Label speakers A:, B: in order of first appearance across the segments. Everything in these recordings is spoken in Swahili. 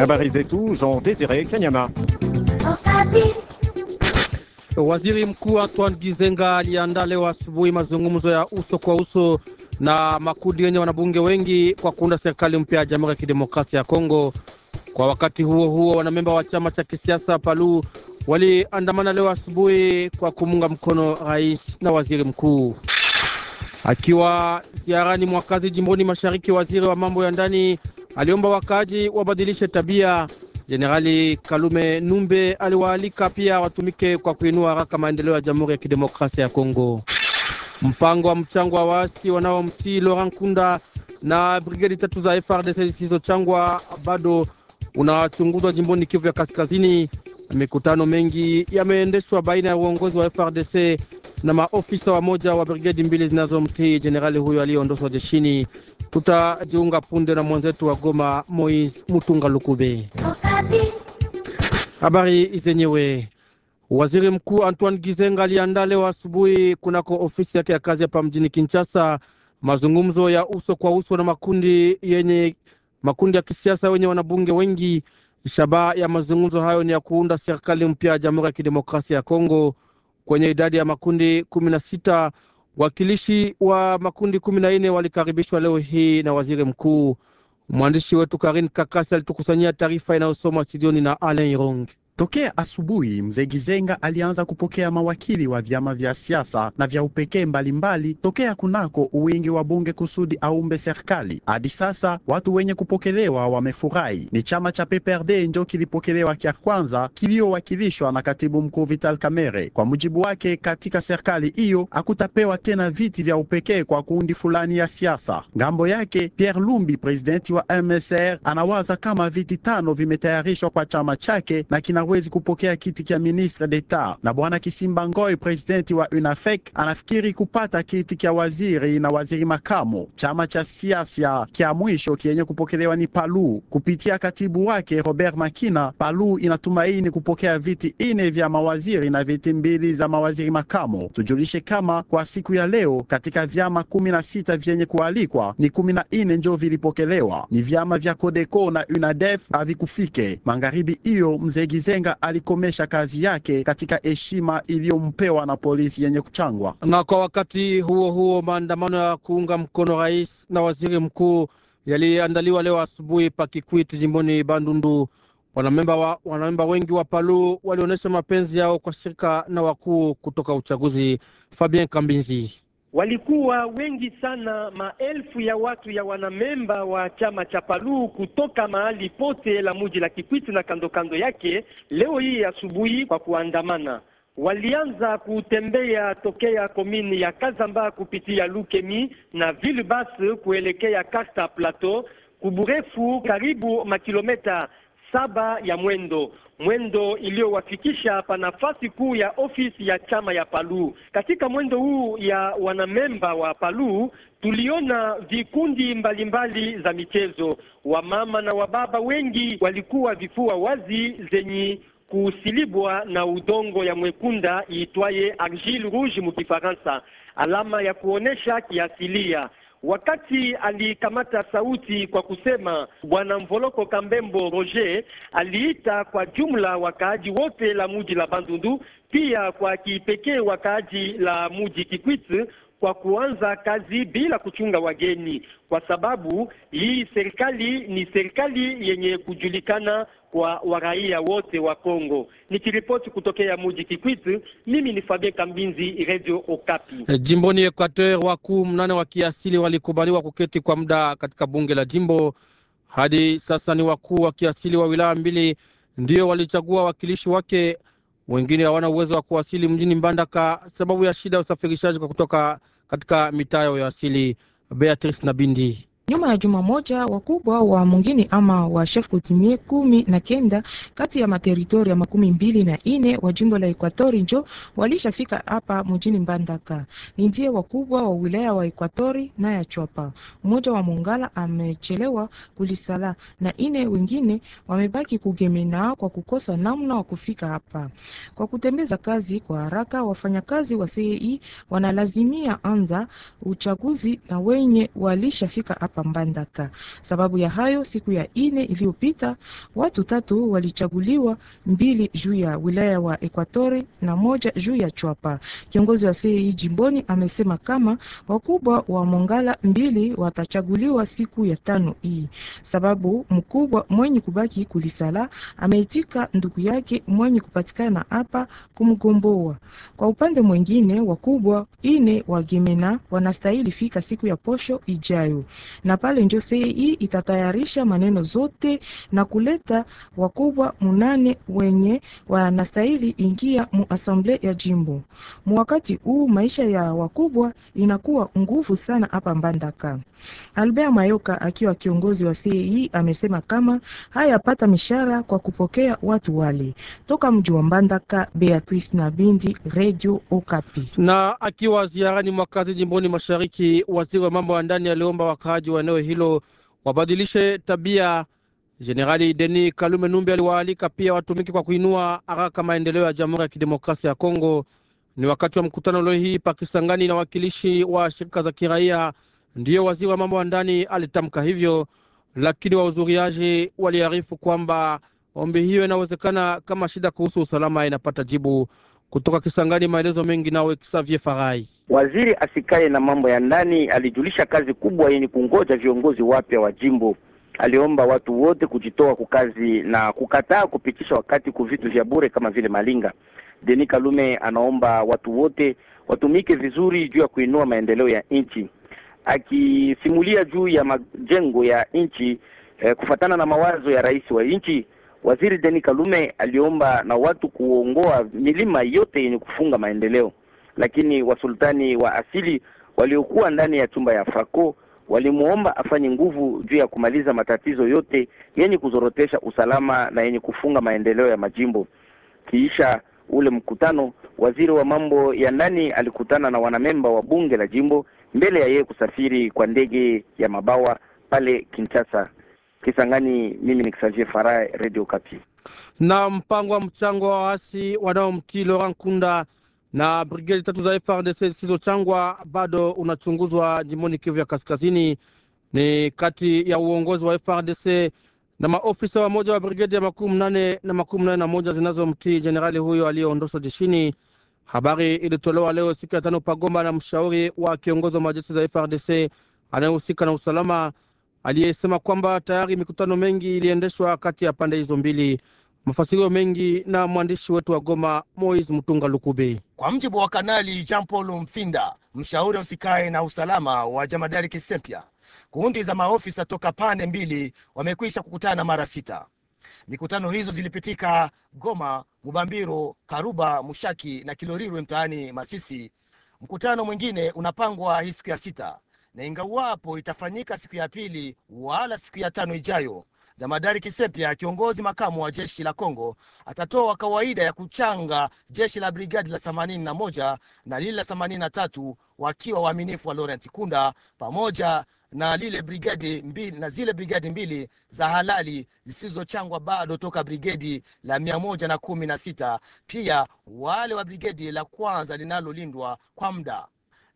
A: Habarizetu Jean Desire Kanyama. Waziri Mkuu Antoine Gizenga aliandaa leo asubuhi mazungumzo ya uso kwa uso na makundi yenye wanabunge wengi kwa kuunda serikali mpya ya Jamhuri ya Kidemokrasia ya Kongo. Kwa wakati huo huo, wanamemba wa chama cha kisiasa Palu waliandamana leo asubuhi kwa kumunga mkono rais na waziri mkuu. Akiwa ziarani mwakazi jimboni mashariki, waziri wa mambo ya ndani aliomba wakaaji wabadilishe tabia. Jenerali Kalume Numbe aliwaalika pia watumike kwa kuinua haraka maendeleo ya Jamhuri ya Kidemokrasia ya Kongo. Mpango wa mchango wa waasi wanaomtii Laurent kunda na brigedi tatu za FRDC zisizochangwa bado unachunguzwa jimboni Kivu ya Kaskazini. Mikutano mengi yameendeshwa baina ya uongozi wa FRDC na maofisa wa moja wa brigedi mbili zinazomtii jenerali huyo aliyeondoshwa jeshini. Tutajiunga punde na mwenzetu wa Goma, Moise Mutunga Lukube. Habari zenyewe Waziri Mkuu Antoine Gizenga aliandaa leo asubuhi kunako ofisi yake ya kazi hapa mjini Kinshasa mazungumzo ya uso kwa uso na makundi yenye makundi ya kisiasa wenye wanabunge wengi. Shabaha ya mazungumzo hayo ni ya kuunda serikali mpya ya Jamhuri ya Kidemokrasia ya Kongo kwenye idadi ya makundi kumi na sita Wakilishi wa makundi kumi na nne walikaribishwa leo hii na waziri mkuu. Mwandishi wetu Karin Kakasi alitukusanyia taarifa inayosoma studioni na Alain rong Tokea asubuhi mzee Gizenga alianza kupokea
B: mawakili wa vyama vya siasa na vya upekee mbalimbali tokea kunako uwingi wa bunge kusudi aumbe serikali. Hadi sasa watu wenye kupokelewa wamefurahi. Ni chama cha PPRD ndio kilipokelewa kia kwanza kiliyowakilishwa na katibu mkuu Vital Kamerhe. Kwa mujibu wake, katika serikali hiyo akutapewa tena viti vya upekee kwa kundi fulani ya siasa. Ngambo yake, Pierre Lumbi, presidenti wa MSR, anawaza kama viti tano vimetayarishwa kwa chama chake na kina hawezi kupokea kiti cha ministre d'etat, na bwana Kisimba Ngoi, presidenti wa UNAFEC, anafikiri kupata kiti cha waziri na waziri makamu. Chama cha siasa kya mwisho kienye kupokelewa ni PALU kupitia katibu wake Robert Makina. PALU inatumaini kupokea viti ine vya mawaziri na viti mbili za mawaziri makamu. Tujulishe kama kwa siku ya leo katika vyama kumi na sita vyenye kualikwa ni kumi na ine njo vilipokelewa, ni vyama vya Kodeko na UNADEF havikufike magharibi. Hiyo mzegize Masenga alikomesha kazi yake katika heshima iliyompewa na polisi yenye kuchangwa.
A: Na kwa wakati huo huo, maandamano ya kuunga mkono rais na waziri mkuu yaliandaliwa leo asubuhi pa Kikwit jimboni Bandundu. Wanamemba, wa, wanamemba wengi wa Palu walionyesha mapenzi yao kwa shirika na wakuu kutoka uchaguzi. Fabien Kambinzi
C: walikuwa wengi sana, maelfu ya watu ya wanamemba wa chama cha Palu kutoka mahali pote la muji la kikwiti na kando kando yake, leo hii asubuhi kwa kuandamana walianza kutembea tokea komini ya Kazamba kupitia Lukemi na Vilbas kuelekea Karta Plateau kuburefu karibu makilometa saba ya mwendo mwendo iliyowafikisha pa nafasi kuu ya ofisi ya chama ya Palu. Katika mwendo huu ya wanamemba wa Palu tuliona vikundi mbalimbali mbali za michezo. Wamama na wababa wengi walikuwa vifua wazi zenye kusilibwa na udongo ya mwekunda iitwaye argile rouge mukifaransa alama ya kuonesha kiasilia wakati alikamata sauti kwa kusema bwana Mvoloko Kambembo Roger aliita kwa jumla wakaaji wote la muji la Bandundu, pia kwa kipekee wakaaji la muji Kikwit kwa kuanza kazi bila kuchunga wageni, kwa sababu hii serikali ni serikali yenye kujulikana kwa waraia wote wa Kongo. Nikiripoti kutokea muji Kikwitu, mimi ni Fabien Kambinzi, Radio Okapi.
A: Eh, jimboni Equateur, wakuu mnane wa kiasili walikubaliwa kuketi kwa muda katika bunge la jimbo. Hadi sasa ni wakuu wa kiasili wa wilaya mbili ndio walichagua wawakilishi wake. Wengine hawana uwezo wa kuwasili mjini Mbandaka sababu ya shida ya usafirishaji kwa kutoka katika mitaa ya asili. Beatrice Nabindi
D: Nyuma ya juma moja, wakubwa wa mungini ama wa chef kutimie kumi na kenda kati ya materitoria makumi mbili na ine wa jimbo la Ekwatori njo walishafika hapa mjini Mbandaka. Ni ndiye wakubwa wa wilaya wa Ekwatori na ya Chwapa. Mmoja wa Mungala amechelewa kulisala na ine wengine wamebaki kugemena kwa kukosa namna wa kufika hapa. Kwa kutembeza kazi kwa haraka, wafanyakazi wa CEI e wanalazimia anza uchaguzi na wenye walishafika hapa Pambandaka. Sababu ya hayo, siku ya ine iliyopita watu tatu walichaguliwa, mbili juu ya wilaya wa Ekwatori na moja juu ya Chwapa. Kiongozi wa CEI e jimboni amesema kama wakubwa wa Mongala mbili watachaguliwa siku ya tano hii. Sababu mkubwa mwenye kubaki kulisala ameitika ndugu yake mwenye kupatikana hapa kumgomboa. Kwa upande mwingine, wakubwa ine wa Gemena wanastahili fika siku ya posho ijayo. na na pale ndio CEI itatayarisha maneno zote na kuleta wakubwa munane wenye wanastahili ingia mu ya jimbo. Mwakati huu maisha ya wakubwa inakuwa nguvu sana hapa Mbandaka. Albert Mayoka akiwa kiongozi wa CEI e amesema kama hayapata mishara kwa kupokea watu wale toka mji wa Mbandaka. Beatrice na Bindi, Radio Okapi.
A: Na akiwa ziarani mwakazi jimboni mashariki, waziri wa mambo ya ndani aliomba wakaaji wa wa eneo hilo wabadilishe tabia. Jenerali Denis Kalume Numbi aliwaalika pia watumiki kwa kuinua haraka maendeleo ya Jamhuri ya Kidemokrasia ya Kongo. Ni wakati wa mkutano leo hii Pakisangani na wakilishi wa shirika za kiraia, ndiyo waziri wa mambo ya ndani alitamka hivyo, lakini wahudhuriaji waliarifu kwamba ombi hiyo inawezekana kama shida kuhusu usalama inapata jibu. Kutoka Kisangani, maelezo mengi nawe Xavier Farai.
E: Waziri asikaye na mambo ya ndani alijulisha kazi kubwa yenye kungoja viongozi wapya wa jimbo. Aliomba watu wote kujitoa kukazi na kukataa kupitisha wakati ku vitu vya bure kama vile malinga. Denis Kalume anaomba watu wote watumike vizuri juu ya kuinua maendeleo ya nchi, akisimulia juu ya majengo ya nchi eh, kufatana na mawazo ya rais wa nchi. Waziri Deni Kalume aliomba na watu kuongoa milima yote yenye kufunga maendeleo, lakini wasultani wa asili waliokuwa ndani ya chumba ya Fako walimwomba afanye nguvu juu ya kumaliza matatizo yote yenye kuzorotesha usalama na yenye kufunga maendeleo ya majimbo. Kiisha ule mkutano, waziri wa mambo ya ndani alikutana na wanamemba wa bunge la jimbo mbele ya yeye kusafiri kwa ndege ya mabawa pale Kinshasa. Kisangani, mimi ni Kisanje Fara, Radio Kapi.
A: Na mpango wa mchango wa waasi wanaomtii Laurent Kunda na brigedi tatu za FRDC zisizochangwa bado unachunguzwa jimboni Kivu ya Kaskazini. Ni kati ya uongozi wa FRDC na maofisa wa moja wa brigedi ya makumi nane na makumi nane na moja zinazomtii jenerali huyo aliyeondoshwa jeshini. Habari ilitolewa leo siku ya tano Pagomba na mshauri wa kiongozi wa majeshi za FRDC anayehusika na usalama aliyesema kwamba tayari mikutano mengi iliendeshwa kati ya pande hizo mbili. Mafasirio mengi na mwandishi wetu wa Goma, Mois Mtunga Lukubi.
F: Kwa mjibu wa Kanali Jean Paul Mfinda, mshauri usikae na usalama wa jamadari kisempya kundi za maofisa toka pande mbili wamekwisha kukutana mara sita. Mikutano hizo zilipitika Goma, Mubambiro, Karuba, Mushaki na Kilorirwe mtaani Masisi. Mkutano mwingine unapangwa hii siku ya sita na ingawapo itafanyika siku ya pili wala siku ya tano ijayo. Jamadari Kisepia, kiongozi makamu wa jeshi la Kongo, atatoa kawaida ya kuchanga jeshi la brigadi la 81 na lile la 83 wakiwa waaminifu wa Laurent Kunda pamoja na lile brigadi mbili, na zile brigadi mbili za halali zisizochangwa bado toka brigedi la mia moja na kumi na sita pia wale wa brigedi la kwanza linalolindwa kwa muda.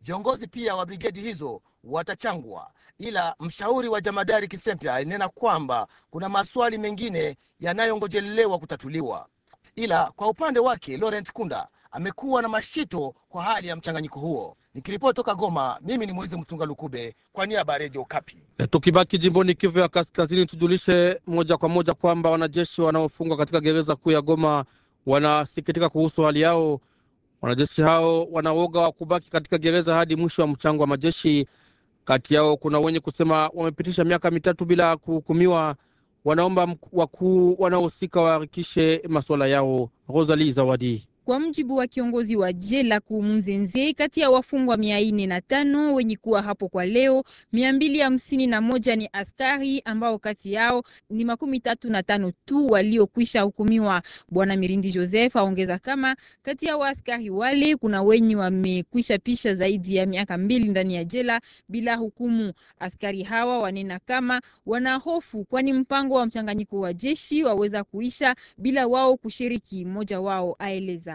F: Viongozi pia wa brigedi hizo watachangwa, ila mshauri wa jamadari Kisempya alinena kwamba kuna maswali mengine yanayongojelewa kutatuliwa. Ila kwa upande wake Laurent Kunda amekuwa na mashito kwa hali ya mchanganyiko huo. Nikiripoti toka Goma, mimi ni Mwezi Mtunga Lukube kwa niaba ya Redio Kapi.
A: E, tukibaki jimboni Kivu ya Kaskazini, tujulishe moja kwa moja kwamba wanajeshi wanaofungwa katika gereza kuu ya Goma wanasikitika kuhusu hali yao. Wanajeshi hao wanaoga wa kubaki katika gereza hadi mwisho wa mchango wa majeshi. Kati yao kuna wenye kusema wamepitisha miaka mitatu bila kuhukumiwa. Wanaomba wakuu wanaohusika waharikishe masuala yao. Rosalie Zawadi
G: kwa mjibu wa kiongozi wa jela kuu Munzenze, kati ya wafungwa mia nne na tano wenye kuwa hapo kwa leo, mia mbili hamsini na moja ni askari ambao kati yao ni makumi tatu na tano tu waliokwisha hukumiwa. Bwana Mirindi Joseph aongeza kama kati ya waaskari wale kuna wenye wamekwisha pisha zaidi ya miaka mbili ndani ya jela bila hukumu. Askari hawa wanena kama wanahofu, kwani mpango wa mchanganyiko wa jeshi waweza kuisha bila wao kushiriki. Mmoja wao aeleza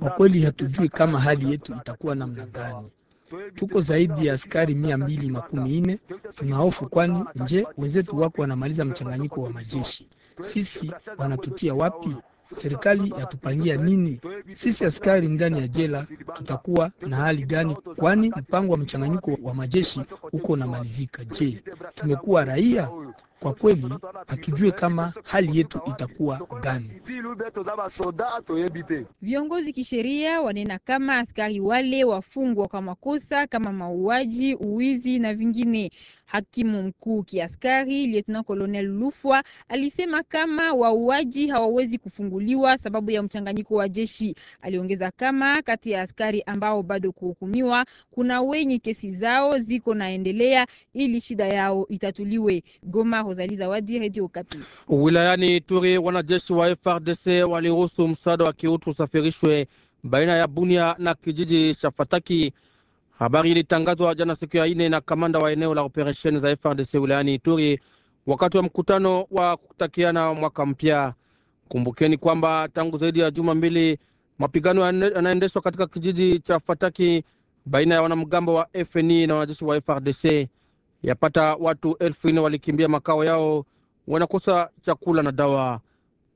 F: kwa kweli hatujui kama hali yetu itakuwa namna gani. Tuko zaidi ya askari mia mbili makumi nne. Tunahofu kwani, nje wenzetu wako wanamaliza mchanganyiko wa majeshi, sisi wanatutia wapi? Serikali yatupangia nini? Sisi askari ndani ya jela tutakuwa na hali gani? Kwani mpango wa mchanganyiko wa majeshi uko unamalizika. Je, tumekuwa raia? Kwa kweli hatujue kama hali yetu itakuwa gani.
G: Viongozi kisheria wanena kama askari wale wafungwa kwa makosa kama mauaji, uwizi na vingine. Hakimu mkuu kiaskari Lieutenant Colonel Lufwa alisema kama wauaji hawawezi kufunguliwa sababu ya mchanganyiko wa jeshi. Aliongeza kama kati ya askari ambao bado kuhukumiwa kuna wenye kesi zao ziko naendelea ili shida yao itatuliwe. Goma Rosalie Zawadi, Radio Okapi.
A: Wilayani Ituri, wanajeshi wa FRDC waliruhusu msaada wa kiutu usafirishwe baina ya Bunia na kijiji cha Fataki. Habari ilitangazwa jana siku ya ine na kamanda wa eneo la operesheni za FRDC wilayani Ituri wakati wa mkutano wa kutakiana mwaka mpya. Kumbukeni kwamba tangu zaidi ya juma mbili mapigano yanaendeshwa katika kijiji cha Fataki baina ya wanamgambo wa FNI na wanajeshi wa FRDC. Yapata watu elfu nne walikimbia makao yao, wanakosa chakula na dawa.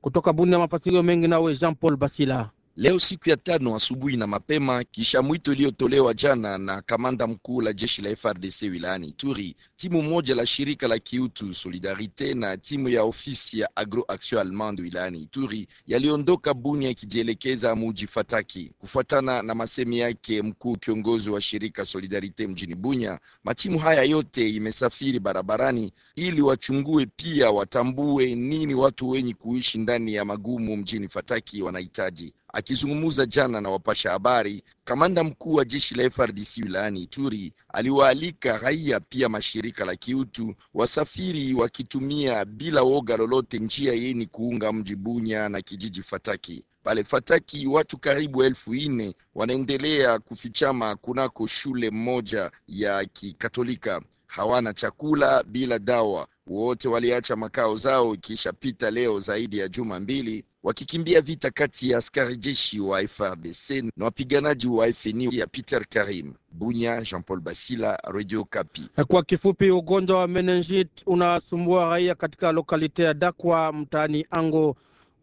A: Kutoka Bunia, mafasirio mengi nawe Jean Paul Basila.
H: Leo siku ya tano asubuhi na mapema, kisha mwito iliyotolewa jana na kamanda mkuu la jeshi la FRDC wilayani Ituri, timu moja la shirika la kiutu Solidarite na timu ya ofisi ya Agro Action Allemande wilayani Ituri yaliondoka Bunia yakijielekeza muji Fataki. Kufuatana na masemi yake mkuu kiongozi wa shirika Solidarite mjini Bunia, matimu haya yote imesafiri barabarani ili wachungue pia watambue nini watu wenye kuishi ndani ya magumu mjini Fataki wanahitaji. Akizungumza jana na wapasha habari, kamanda mkuu wa jeshi la FRDC wilayani Ituri aliwaalika raia pia mashirika la kiutu wasafiri wakitumia bila woga lolote njia yeni kuunga mji Bunya na kijiji Fataki. Pale Fataki watu karibu elfu nne wanaendelea kufichama kunako shule moja ya Kikatolika hawana chakula bila dawa. Wote waliacha makao zao ikishapita leo zaidi ya juma mbili, wakikimbia vita kati ya askari jeshi wa FRDC na wapiganaji wa FNU ya Peter Karim. Bunya, Jean Paul Basila, Radio Kapi.
A: Kwa kifupi, ugonjwa wa menenjit unasumbua raia katika lokalite ya Dakwa mtaani Ango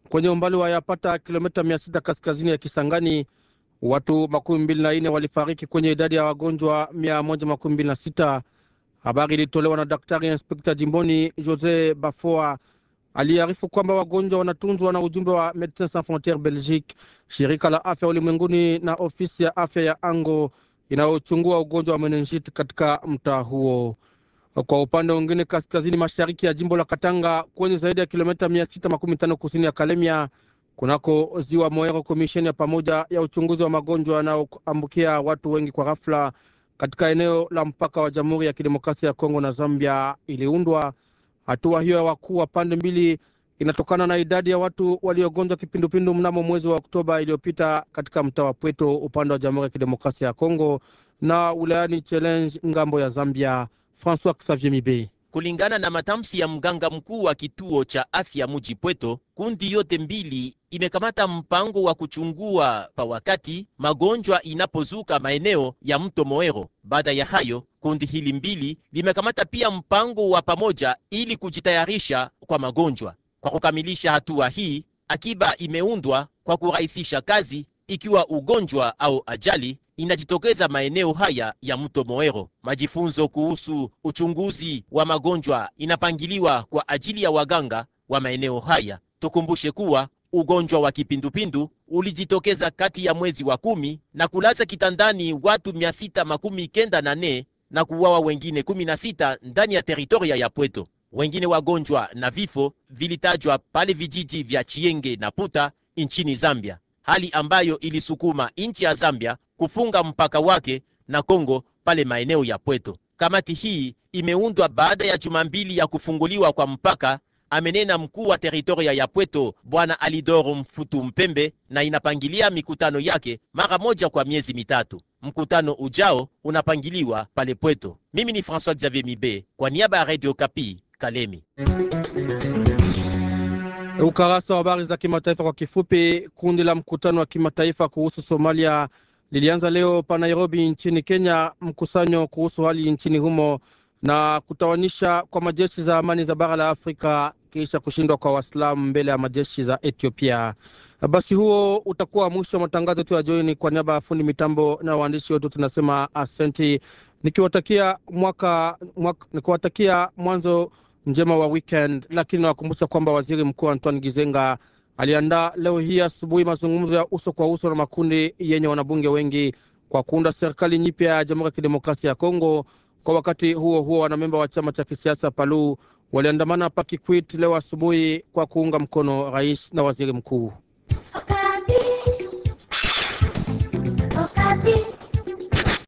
A: kwenye umbali wa yapata kilomita mia sita kaskazini ya Kisangani. Watu makumi mbili na nne walifariki kwenye idadi ya wagonjwa mia moja makumi mbili na sita Habari ilitolewa na daktari inspekta jimboni Jose Bafoa aliyearifu kwamba wagonjwa wanatunzwa na ujumbe wa Medecins Sans Frontieres Belgique, shirika la afya ulimwenguni na ofisi ya afya ya Ango inayochungua ugonjwa wa menenjit katika mtaa huo. Kwa upande mwingine, kaskazini mashariki ya jimbo la Katanga, kwenye zaidi ya kilomita 615 kusini ya Kalemia, kunako ziwa Moero, komisheni ya pamoja ya uchunguzi wa magonjwa yanayoambukia watu wengi kwa ghafla katika eneo la mpaka wa Jamhuri ya Kidemokrasia ya Kongo na Zambia iliundwa. Hatua hiyo ya wakuu wa pande mbili inatokana na idadi ya watu waliogonjwa kipindupindu mnamo mwezi wa Oktoba iliyopita katika mtaa wa Pweto upande wa Jamhuri ya Kidemokrasia ya Kongo na wilayani Challenge ngambo ya Zambia. François Xavier Mibe
I: Kulingana na matamshi ya mganga mkuu wa kituo cha afya muji Pweto, kundi yote mbili imekamata mpango wa kuchungua pa wakati magonjwa inapozuka maeneo ya mto Moero. Baada ya hayo, kundi hili mbili limekamata pia mpango wa pamoja ili kujitayarisha kwa magonjwa. Kwa kukamilisha hatua hii, akiba imeundwa kwa kurahisisha kazi ikiwa ugonjwa au ajali inajitokeza maeneo haya ya mto Moero. Majifunzo kuhusu uchunguzi wa magonjwa inapangiliwa kwa ajili ya waganga wa maeneo haya. Tukumbushe kuwa ugonjwa wa kipindupindu ulijitokeza kati ya mwezi wa kumi na kulaza kitandani watu mia sita makumi kenda na nne na kuwawa wengine kumi na sita ndani ya teritoria ya Pweto. Wengine wagonjwa na vifo vilitajwa pale vijiji vya Chienge na Puta nchini Zambia, hali ambayo ilisukuma nchi ya Zambia kufunga mpaka wake na Kongo pale maeneo ya Pweto. Kamati hii imeundwa baada ya juma mbili ya kufunguliwa kwa mpaka, amenena mkuu wa teritoria ya Pweto Bwana Alidoro Mfutu Mpembe, na inapangilia mikutano yake mara moja kwa miezi mitatu. Mkutano ujao unapangiliwa pale Pweto. Mimi ni François Xavier Mibe kwa niaba ya Radio Kapi Kalemi.
A: Ukarasa wa habari za kimataifa kwa kifupi. Kundi la mkutano wa kimataifa kuhusu Somalia lilianza leo pa Nairobi nchini Kenya mkusanyo kuhusu hali nchini humo na kutawanyisha kwa majeshi za amani za bara la Afrika kisha kushindwa kwa Waislamu mbele ya majeshi za Ethiopia. Basi huo utakuwa mwisho wa matangazo yetu ya jioni. Kwa niaba ya fundi mitambo na waandishi wetu tunasema asenti, nikiwatakia mwaka, mwaka, nikiwatakia mwanzo njema wa weekend, lakini nawakumbusha kwamba waziri mkuu Antoine Gizenga aliandaa leo hii asubuhi mazungumzo ya uso kwa uso na makundi yenye wanabunge wengi kwa kuunda serikali nyipya ya Jamhuri ya Kidemokrasia ya Kongo. Kwa wakati huo huo, wanamemba wa chama cha kisiasa Palu waliandamana Pakikwit leo asubuhi kwa kuunga mkono rais na waziri mkuu Okapi. Okapi.